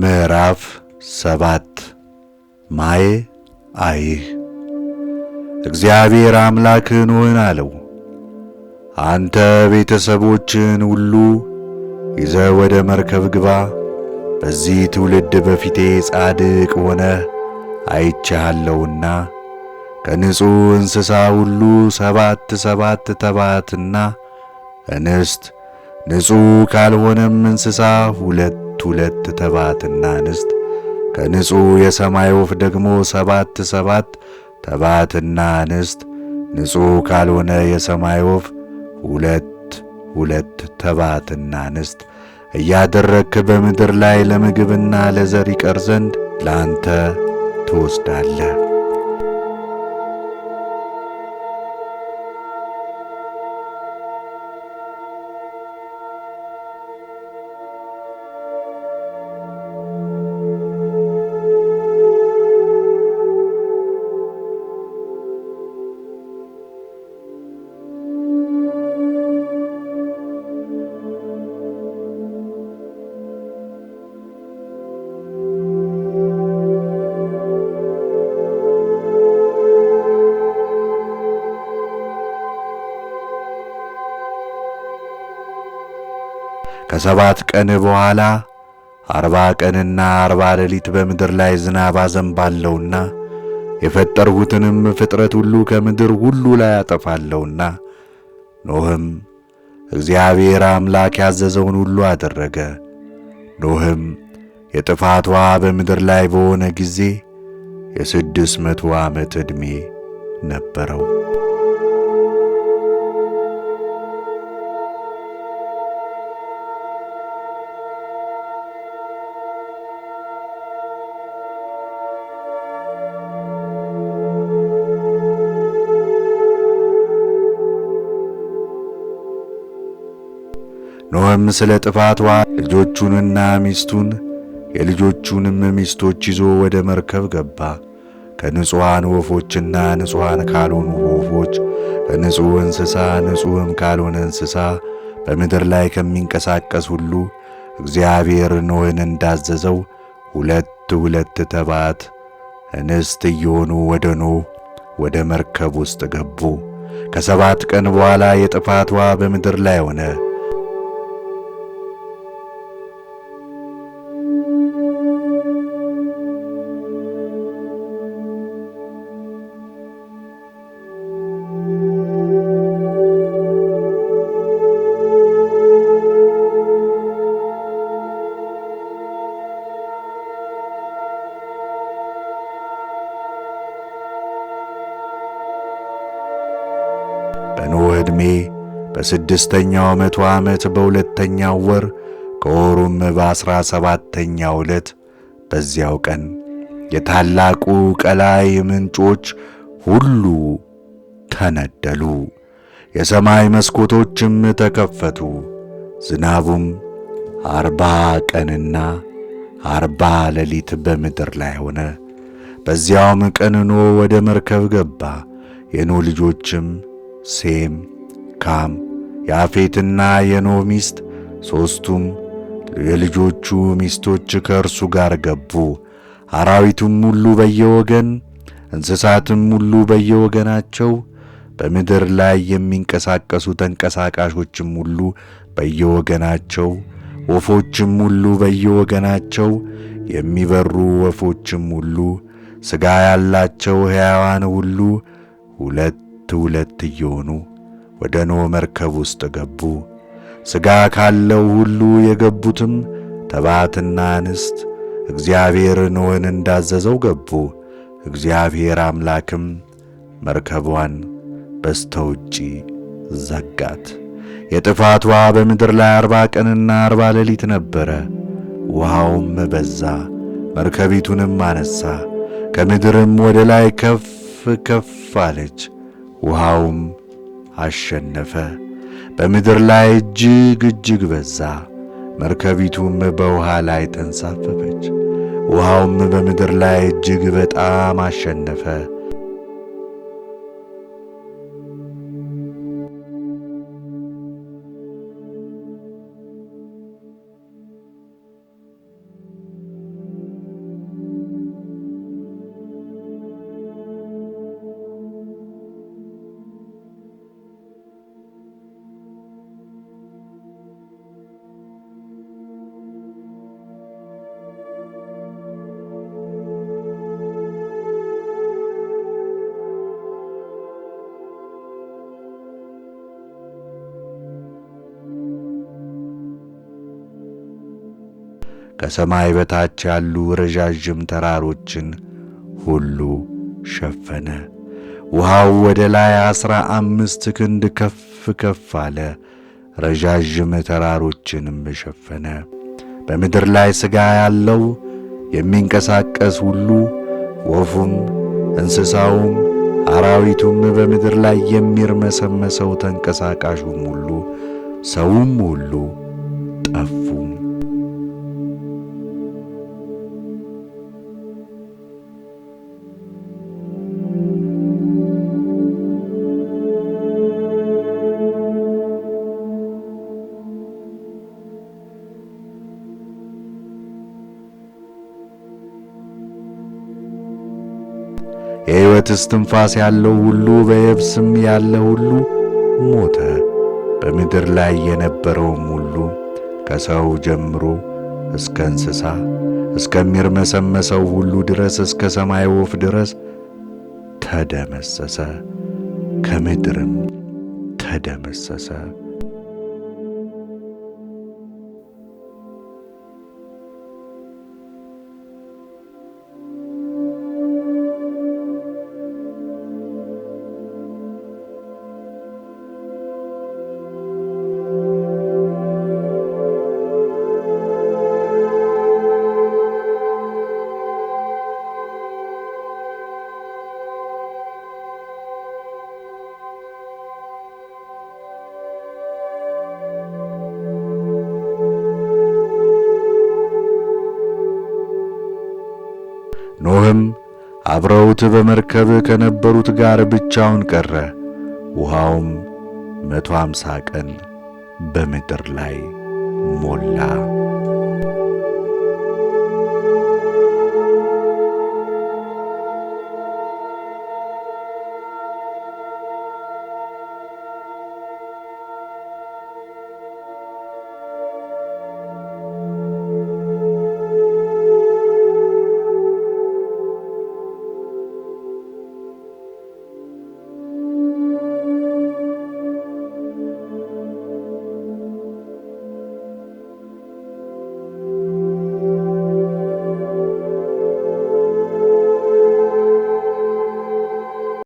ምዕራፍ ሰባት ማይ አይህ እግዚአብሔር አምላክ ኖኅን አለው፣ አንተ ቤተሰቦችህን ሁሉ ይዘ ወደ መርከብ ግባ። በዚህ ትውልድ በፊቴ ጻድቅ ሆነህ አይቼሃለሁና ከንጹሕ እንስሳ ሁሉ ሰባት ሰባት ተባትና እንስት፣ ንጹሕ ካልሆነም እንስሳ ሁለት ሁለት ተባትና እንስት ከንጹሕ የሰማይ ወፍ ደግሞ ሰባት ሰባት ተባትና እንስት ንጹሕ ካልሆነ የሰማይ ወፍ ሁለት ሁለት ተባትና እንስት እያደረግክ በምድር ላይ ለምግብና ለዘር ይቀር ዘንድ ለአንተ ትወስዳለህ። ከሰባት ቀን በኋላ አርባ ቀንና አርባ ሌሊት በምድር ላይ ዝናብ አዘንባለውና የፈጠርሁትንም ፍጥረት ሁሉ ከምድር ሁሉ ላይ አጠፋለውና። ኖህም እግዚአብሔር አምላክ ያዘዘውን ሁሉ አደረገ። ኖህም የጥፋቷ በምድር ላይ በሆነ ጊዜ የስድስት መቶ ዓመት ዕድሜ ነበረው። አዳም ስለ ጥፋትዋ ልጆቹንና ሚስቱን የልጆቹንም ሚስቶች ይዞ ወደ መርከብ ገባ። ከንጹሐን ወፎችና ንጹሐን ካልሆኑ ወፎች፣ ከንጹሕ እንስሳ ንጹሕም ካልሆነ እንስሳ፣ በምድር ላይ ከሚንቀሳቀስ ሁሉ እግዚአብሔር ኖኅን እንዳዘዘው ሁለት ሁለት ተባት እንስት እየሆኑ ወደ ኖኅ ወደ መርከብ ውስጥ ገቡ። ከሰባት ቀን በኋላ የጥፋት በምድር ላይ ሆነ። በኖኅ ዕድሜ በስድስተኛው መቶ ዓመት በሁለተኛው ወር ከወሩም በአሥራ ሰባተኛው ዕለት በዚያው ቀን የታላቁ ቀላይ ምንጮች ሁሉ ተነደሉ፣ የሰማይ መስኮቶችም ተከፈቱ። ዝናቡም አርባ ቀንና አርባ ሌሊት በምድር ላይ ሆነ። በዚያውም ቀን ኖኅ ወደ መርከብ ገባ፣ የኖኅ ልጆችም ሴም፣ ካም፣ የአፌትና የኖህ ሚስት ሦስቱም የልጆቹ ሚስቶች ከእርሱ ጋር ገቡ። አራዊቱም ሁሉ በየወገን እንስሳትም ሁሉ በየወገናቸው በምድር ላይ የሚንቀሳቀሱ ተንቀሳቃሾችም ሁሉ በየወገናቸው ወፎችም ሁሉ በየወገናቸው የሚበሩ ወፎችም ሁሉ ሥጋ ያላቸው ሕያዋን ሁሉ ሁለት ሁለት ሁለት እየሆኑ ወደ ኖ መርከብ ውስጥ ገቡ። ሥጋ ካለው ሁሉ የገቡትም ተባትና እንስት እግዚአብሔር ኖኅን እንዳዘዘው ገቡ። እግዚአብሔር አምላክም መርከቧን በስተውጪ ዘጋት። የጥፋት ውሃ በምድር ላይ አርባ ቀንና አርባ ሌሊት ነበረ። ውሃውም በዛ፣ መርከቢቱንም አነሳ፣ ከምድርም ወደ ላይ ከፍ ከፍ አለች። ውሃውም አሸነፈ። በምድር ላይ እጅግ እጅግ በዛ። መርከቢቱም በውሃ ላይ ተንሳፈፈች። ውሃውም በምድር ላይ እጅግ በጣም አሸነፈ። ከሰማይ በታች ያሉ ረዣዥም ተራሮችን ሁሉ ሸፈነ። ውሃው ወደ ላይ ዐሥራ አምስት ክንድ ከፍ ከፍ አለ፣ ረዣዥም ተራሮችንም ሸፈነ። በምድር ላይ ሥጋ ያለው የሚንቀሳቀስ ሁሉ ወፉም፣ እንስሳውም፣ አራዊቱም በምድር ላይ የሚርመሰመሰው ተንቀሳቃሹም ሁሉ ሰውም ሁሉ ጠፉም። የሕይወት እስትንፋስ ያለው ሁሉ በየብስም ያለ ሁሉ ሞተ። በምድር ላይ የነበረውም ሁሉ ከሰው ጀምሮ እስከ እንስሳ እስከሚርመሰመሰው ሁሉ ድረስ እስከ ሰማይ ወፍ ድረስ ተደመሰሰ፣ ከምድርም ተደመሰሰ። አብረውት በመርከብ ከነበሩት ጋር ብቻውን ቀረ። ውሃውም መቶ አምሳ ቀን በምድር ላይ ሞላ።